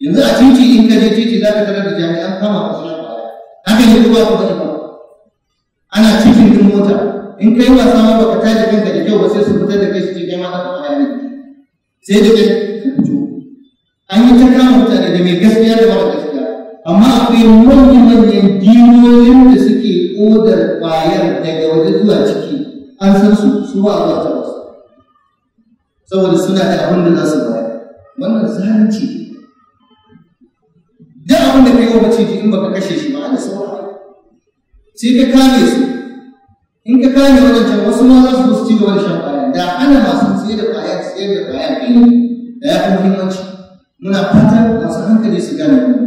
yanzu a titi in ka je titi za ka tarar da jami'an kama ka suna baya haka ne kuma ku faɗi ba ana titin din mota in kai wasa ma baka tashi kanka da kyau ba sai su fitar da kai su ce kai ma ɗan baya ne sai da kai an yi ta kama mutane da mai gaskiya da mara gaskiya amma akwai wani manyan dilolin da suke odar bayan daga waje zuwa ciki an san su su ba a zuwa saboda suna da abin da za su bayar wannan zalunci ne wa maciji in baka kashe shi ba da sauran sai ka kame su in ka kame can wasu ma za su zo su ci gaba da shan kwaya da ana masu tsaye da kwaya tsaye da kwaya ɗin da ya fi muhimmanci muna fatan masu hankali su gane